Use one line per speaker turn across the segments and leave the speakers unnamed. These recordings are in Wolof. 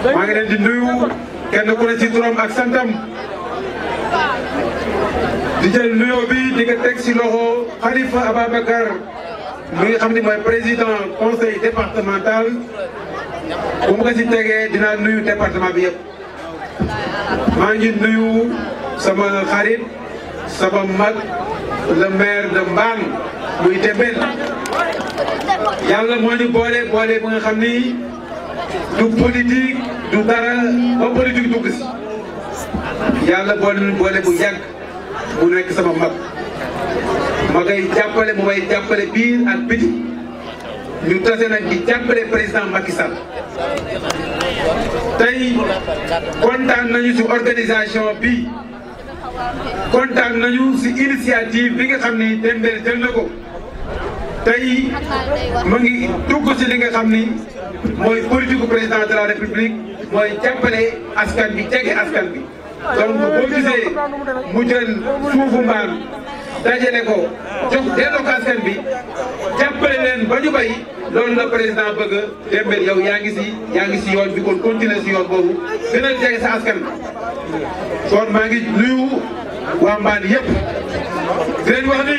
maa ngi di nuyu kenn ku ne ci turam ak santam di jël nuyoo bi di nga teg si loxo Khalifa Ababacar mi nga xam ni mooy président conseil départemental bu ma ko si tegee dinaa nuyu département bi yëpp. maa ngi nuyu sama xarit sama mag le maire de Mbane muy Dembel yàlla moo ñu boole boole bu nga xam ni. du politique du dara ba politique dugg si yàlla boole ñu boole bu yàgg mu nekk sama mag ma koy jàppale mu may jàppale biir ak biti ñu tase nag di jàppale président Macky Sall tey kontaan nañu ci organisation bi kontaan nañu ci initiative bi nga xam ni Dembélé jël na ko. tey mu ngi dugg si li nga xam ni mooy politique président de la république mooy jàppale askan bi jege askan bi donc boo gisee mu jël suufu mbaam dajale ko jox delloo ko askan bi jàppale leen ba ñu bay loolu na président bëgg a dembel yow yaa ngi si yaa ngi si yoon bi kon continuer si yoon boobu gën a jege sa askan bi kon maa ngi nuyu waa mbaan yëpp di wax ni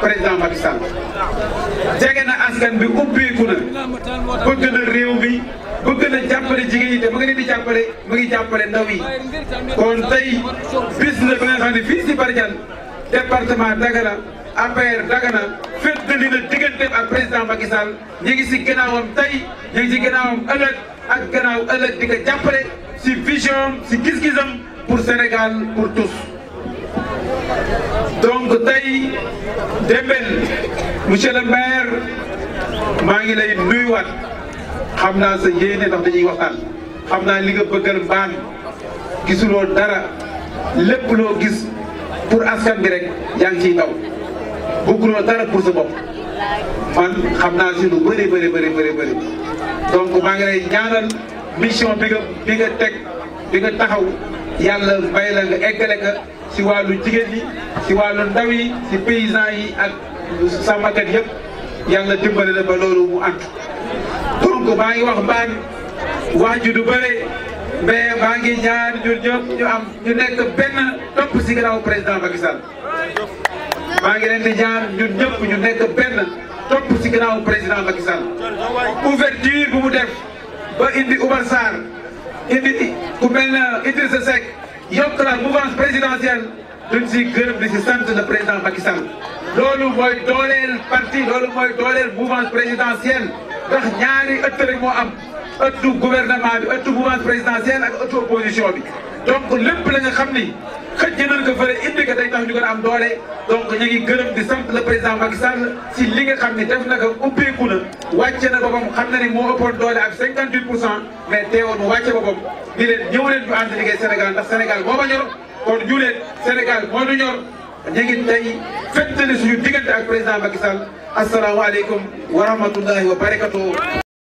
président Macky Sall jege na askan bi ubbeeku na bëgg na réew mi bëgg na jàppale jigéen ñi te mu ngi leen di jàppale mu ngi jàppale ndaw yi kon tey bis na ba nga xam ne fii si Bardiane département Dagana APR Dagana féetlu na digganteem ak président Macky Sall ñu ngi si gannaawam tey ñu ngi si gannaawam ak gannaaw ëllëg di ko jàppale si vision si gis-gisam pour Sénégal pour tous donc tey. Diembel monsieur le maire maa ngi lay nuyuwaat xam naa sa yéene ndax dañuy waxtaan xam naa li nga bëggal mbaan gisuloo dara lépp loo gis pour askan bi rek yaa ngi ciy daw bëgguloo dara pour sa bopp man xam naa si lu bëri bëri bëri bëri donc maa ngi lay ñaanal mission bi nga bi nga teg bi nga taxaw yàlla bay la nga eggale ka ci wàllu jigéen yi si wàllu ndaw yi si paysans yi ak sàmmkat yëpp yàlla dimbale na ba loolu mu ànd donc baa ngi wax mbaan wax ju du bëre mais baa ngi ñaan ñun ñëpp ñu am ñu nekk benn topp si gannaaw président Macky Sall maa ngi leen di ñaan ñun ñëpp ñu nekk benn topp si gannaaw président Macky Sall ouverture bu mu def ba indi Oumar Sarr indi ku mel na yokk la mouvance présidentielle duñ si gërëm di si sant le président Macky Sall loolu mooy dooleel parti loolu mooy dooleel mouvance présidentielle ndax ñaari ëtt rek moo am ëttu gouvernement bi ëttu mouvance présidentielle ak ëttu opposition bi donc lépp la nga xam ni xëj nañ ko fële indi ko day tax ñu gën a am doole donc ñu ngi gërëm di sant le président Macky Sall si li nga xam ni def na ko ubbeeku na wàcce na boppam xam na ni moo ëppoon doole ak 58 pour cent mais teewoon mu wàcce boppam di leen ñëw leen ñu ànd Sénégal ndax Sénégal moo ma ñor kon ñu leen Sénégal moo ñu ñor ñu ngi tey fettali suñu diggante ak président Macky Sall asalaamaaleykum wa rahmatullahi wa